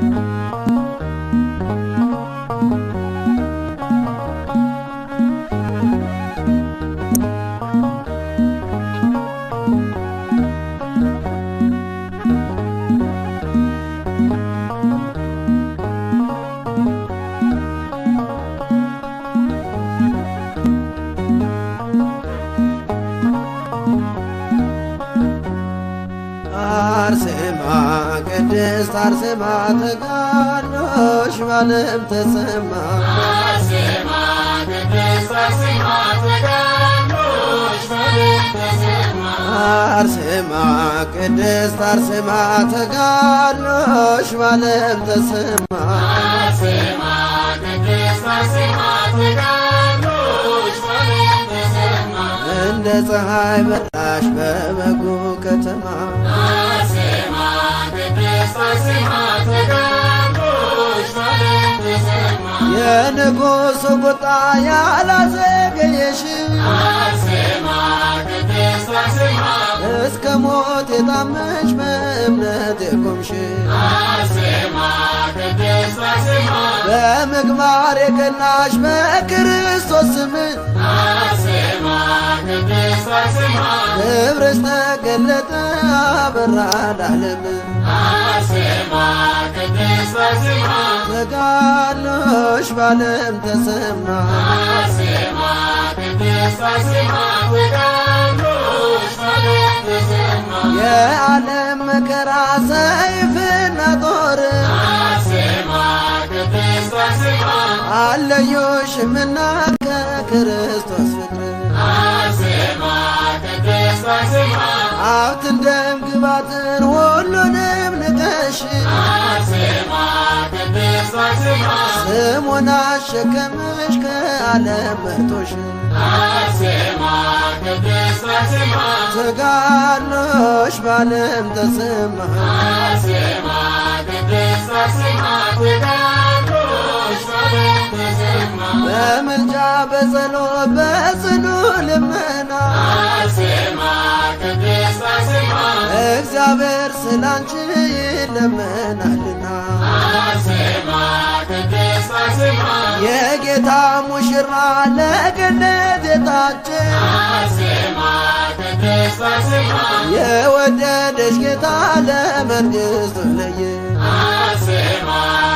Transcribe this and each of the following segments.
Thank you. ተጋድሎሽ ባለም ተሰማ እንደ ፀሐይ በራሽ በበጉ ከተማ የንጉሱ ቁጣ ያላዘገየሽ አርሴማ ቅድስት አርሴማ እስከ ሞት የታመሽ በእምነት የቆምሽ በምግባር የቀናሽ በክርስቶስ ስም ክብርሽ ተገለጠ አበራ ለዓለም ተጋሎሽ ባለም ተሰማ የዓለም መከራ ሰይፍና ጦር አለዮሽ ከክርስቶስ ፍቅር ሀብትን ደም ግባትን ሁሉንም ንቀሽ ስሙን አሸከምሽ ከዓለም መርጦሽ ተጋድሎሽ በዓለም ተሰማ በምልጃ በጸሎ በጽኑ ልመና እግዚአብሔር ስላንቺ ይለመናልና የጌታ ሙሽራ ለገነት የታችን የወደደሽ ጌታ ለመንግስቱ ለየ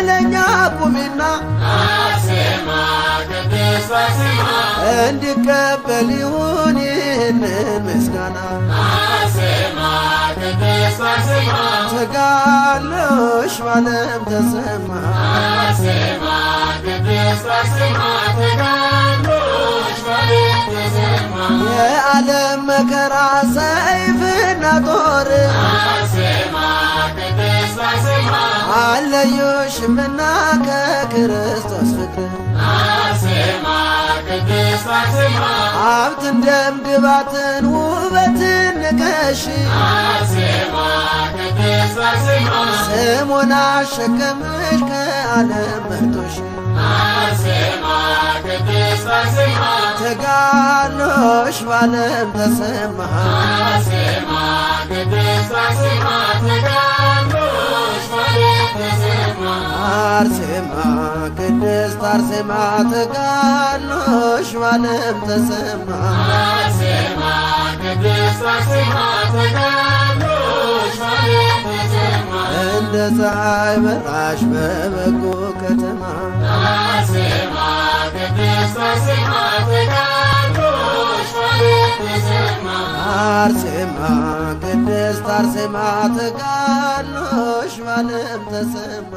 ኃይለኛ ቁሚና እንዲቀበል ይሁን ይህንን ምስጋና ተጋሎሽ ባለም ተሰማ የዓለም መከራ ሰይፍና ጦር አለዩሽምና ከክርስቶስ ፍቅር ሀብትን ደም ግባትን ውበትን ንቀሽ ስሙን አሸከምሽ ከዓለም መርጦሽ ተጋሎሽ ባለም ተሰማ አርሴማ ቅድስት አርሴማ ተጋድሎሽ በዓለም ተሰማ። እንደ ፀሐይ በራሽ በበጎ ከተማ አርሴማ ቅድስት አርሴማ ተጋድሎሽ በዓለም ተሰማ።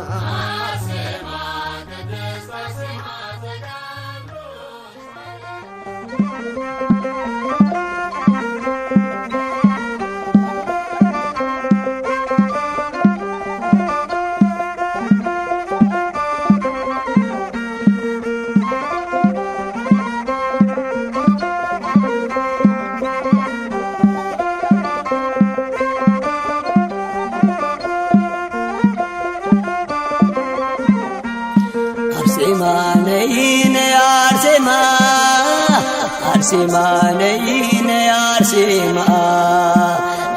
አርሴማ ነይነ አርሴማ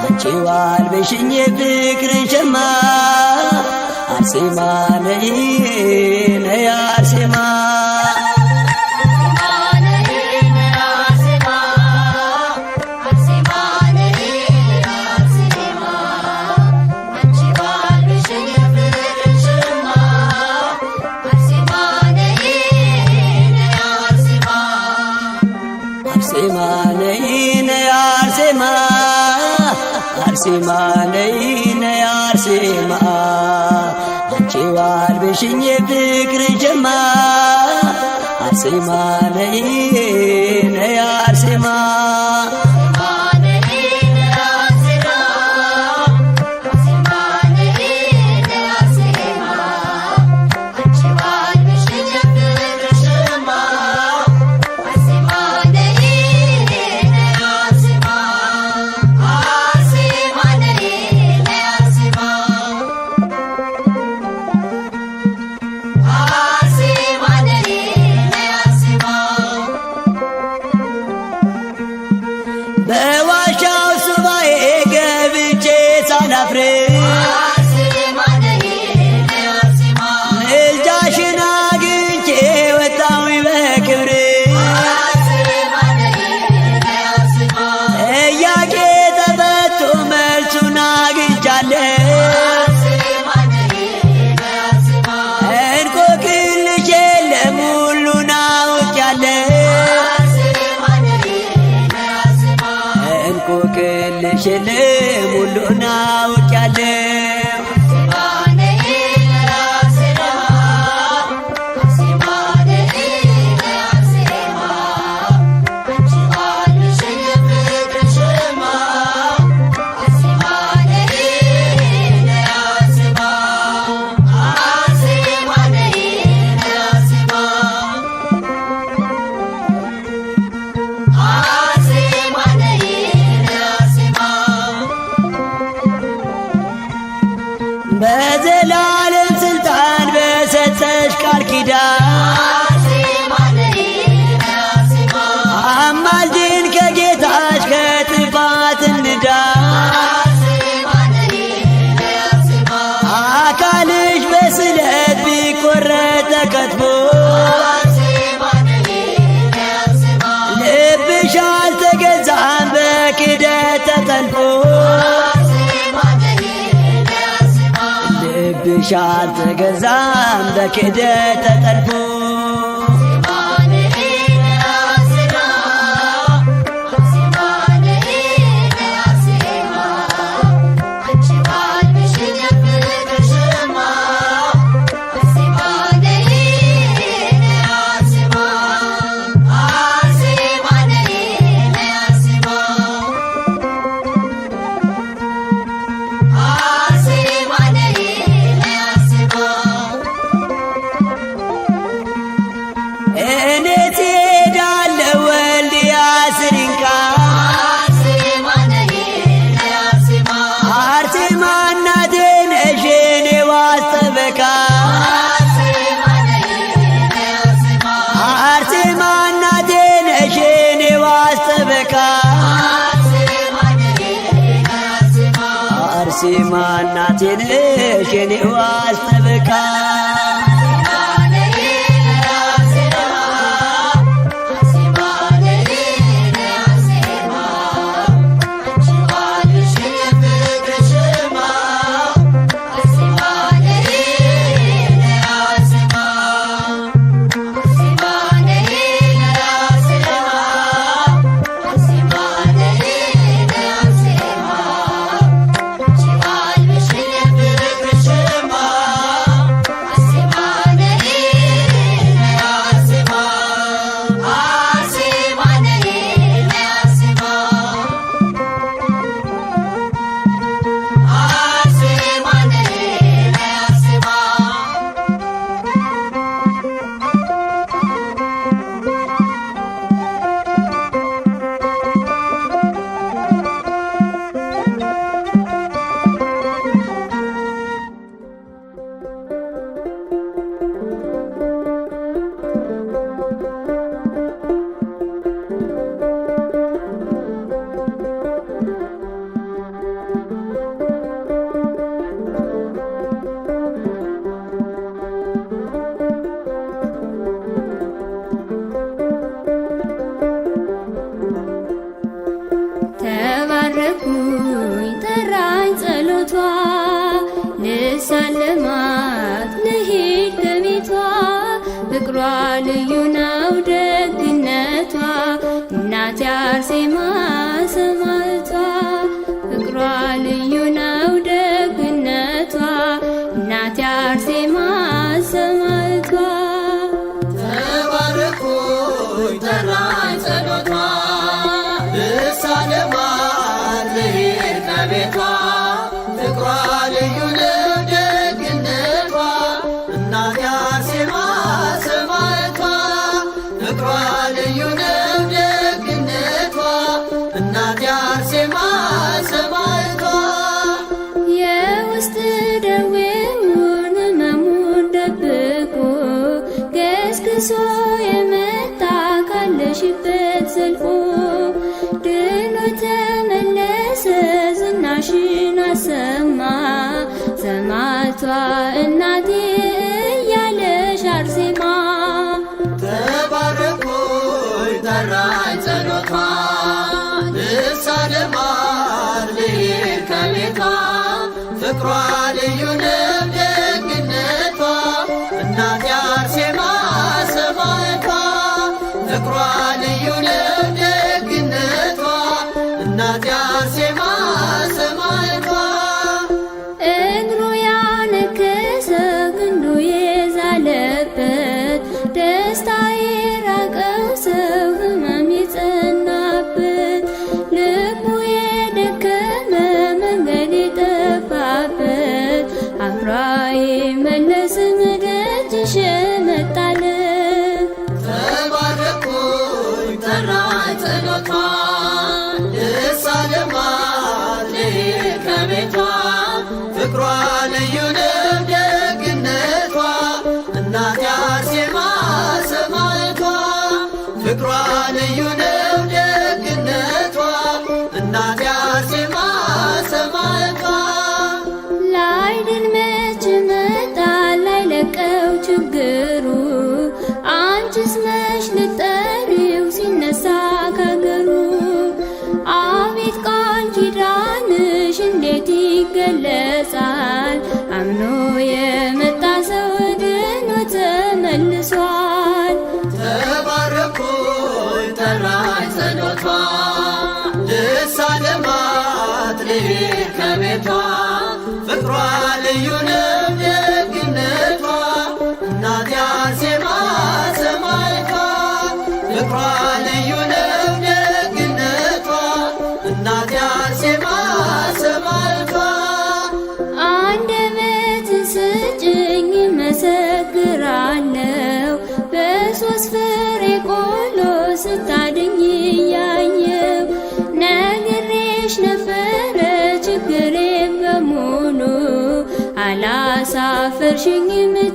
አንቺዋል በሽኝ ፍቅርን ሸማ አርሴማ ነይነ አርሴማ ሲማለይነ አርሴማ አንቺ ዋልብሽኝ የፍቅር ጀማ አርሴማ ነይነ ሻት ገዛም በክደ ተጠልፎ እናቴ እያለሽ አርሴማ ተባረኩኝ ጠራኝ ጸሎቷ ልሳለማር ልሄድ ከቤቷ ፍቅሯ Troyes, you know. Hallelujah. Perşengimi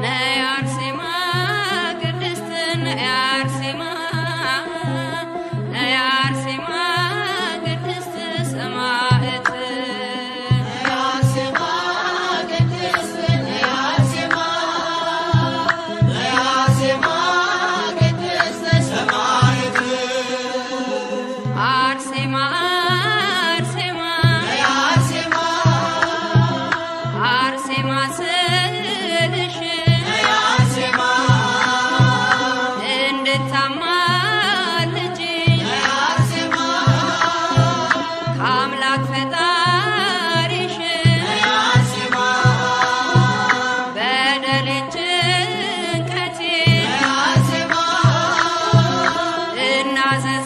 Now Gracias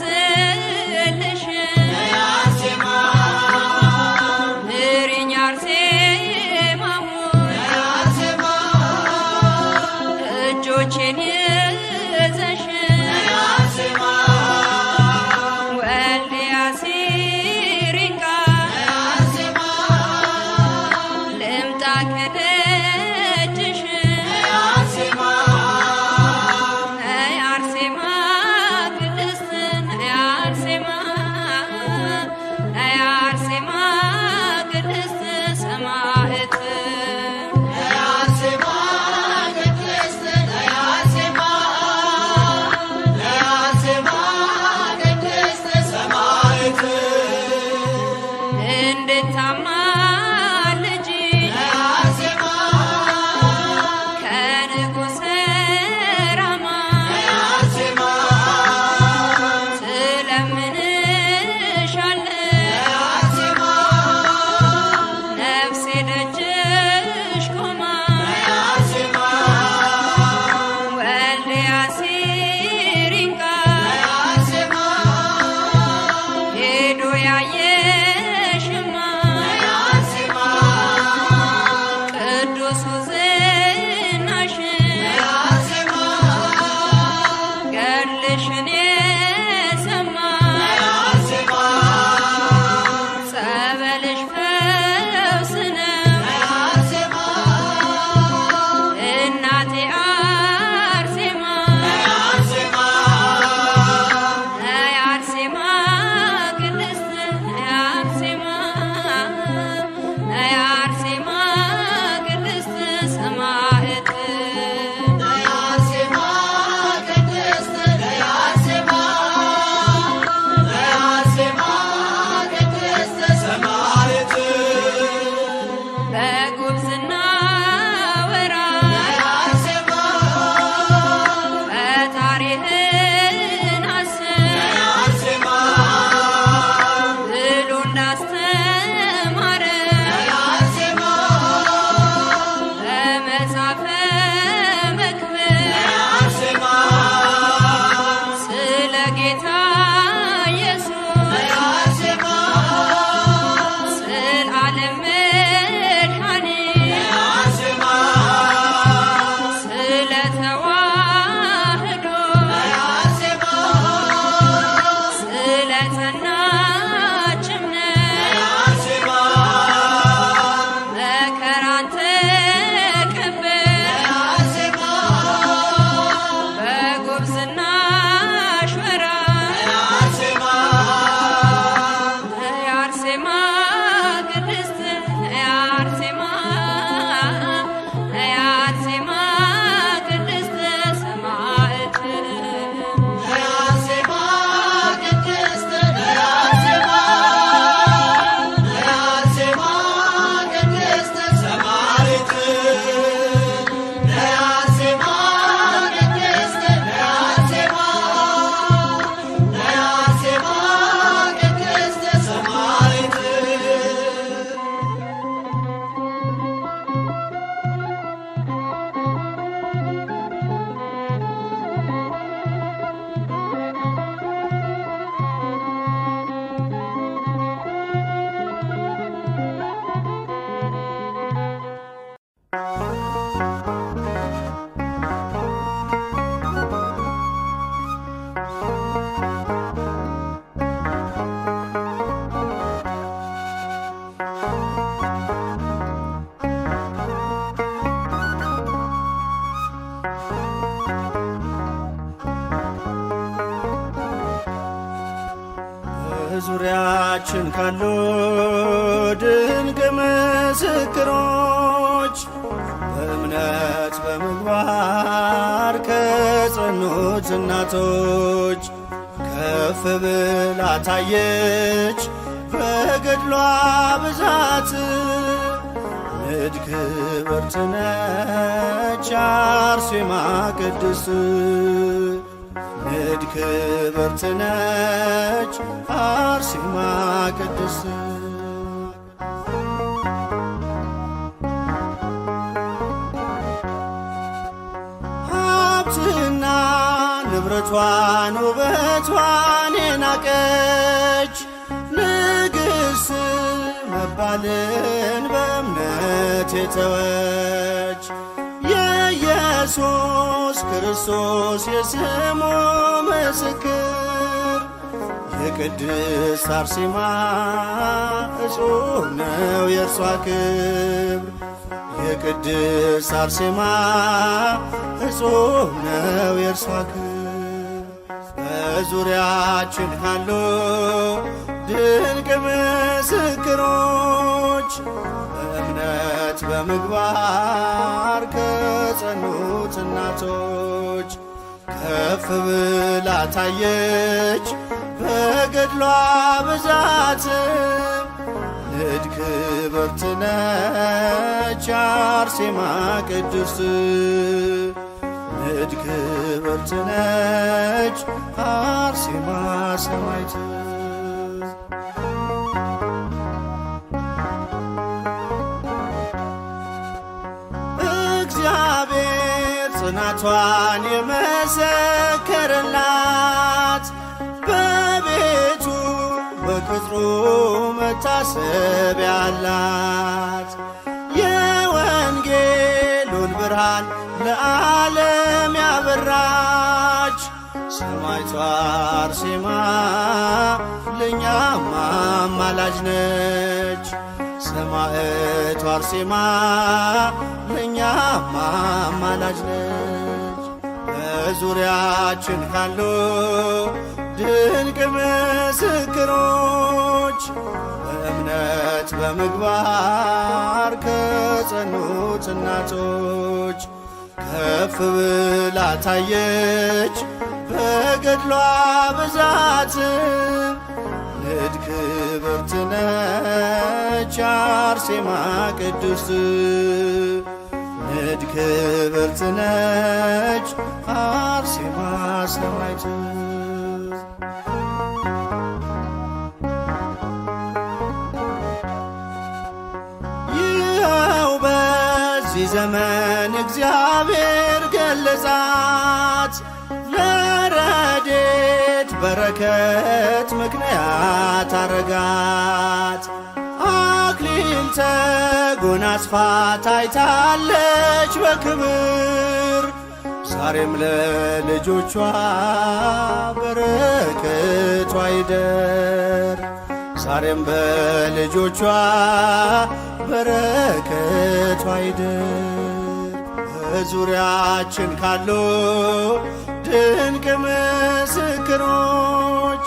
በዙሪያችን ካሉ ድንቅ ምስክሮች በእምነት በምግባር ከጸኑት እናቶች ከፍ ብላ ታየች በገድሏ ብዛት ንድ ክብርት አርሴማ ቅድስት ድል ክብርት ነች አርሴማ ቅድስት ሀብትና ንብረቷን ውበቷን የናቀች ንግሥት መባልን በእምነት የተወች ኢየሱስ ክርስቶስ የስሙ ምስክር የቅድስት አርሴማ እጹብ ነው የእርሷ ክብር የቅድስት አርሴማ እጹብ ነው የእርሷ ክብር በዙሪያችን ካሉ ድንቅ ምስክሮች በእምነት በምግባር ከጸኑት እናቶች ከፍ ብላ ታየች በገድሏ ብዛትም ንድ ክብርት ነች አርሴማ ቅድስት ንድ ክብርት ነች አርሴማ ሰማዕት ጽናቷን የመሰከረላት በቤቱ በቅጥሩ መታሰቢያ አላት። የወንጌሉን ብርሃን ለዓለም ያበራች ሰማይቷ አርሴማ ለእኛ አማላጅ ነች። ሰማዕቷ አርሴማ ለእኛ አማላጅ ነች። በዙሪያችን ካሉ ድንቅ ምስክሮች በእምነት በምግባር ከጸኑት እናቶች ከፍ ብላ ታየች በገድሏ ብዛት ክብርት ነች አርሴማ ቅድስት ንድ ክብርት ነች አርሴማ ሰማዕት ይኸው በዚህ ዘመን እግዚአብሔር ገለጻት በረከት ምክንያት አረጋት። አክሊል ተጎናጽፋ ታይታለች በክብር ዛሬም ለልጆቿ በረከቷ ይደር። ዛሬም በልጆቿ በረከቷ ይደር። በዙሪያችን ካለው ድንቅ ምስክሮች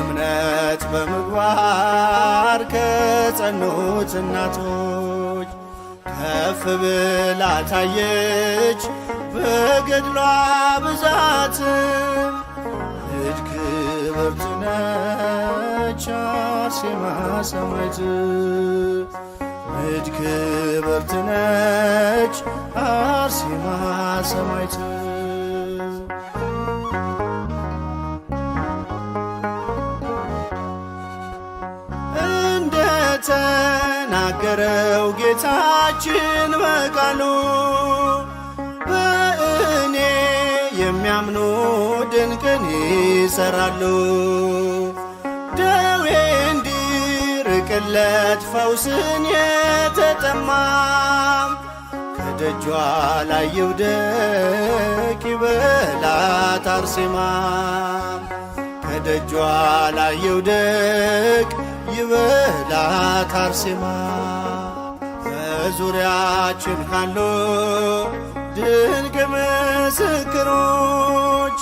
እምነት በምግባር ከጸኑት እናቶች ከፍ ብላ ታየች በገድሏ ብዛት ልጅ ክብርት ነች አርሴማ ሰማዕት ልጅ ክብርት ነች አርሴማ ሰማዕት ተናገረው ጌታችን በቃሉ በእኔ የሚያምኑ ድንቅን ይሰራሉ። ደዌ እንዲርቅለት ፈውስን የተጠማም ከደጇ ላይ ይውደቅ ይበላት አርሴማ ከደጇ ላይ ይውደቅ ወላት አርሴማ በዙሪያችን ካሉ ድንቅ ምስክሮች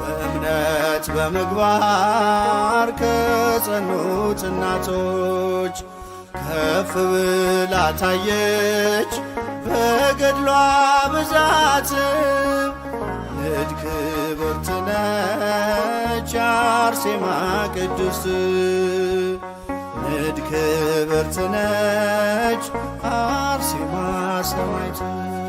በእምነት በምግባር ከጸኑት እናቶች ከፍ ብላ ታየች በገድሏ ብዛት ልድ ክብርት ነች አርሴማ ቅድስት ክብርት ነች አርሴማ ሰማዕት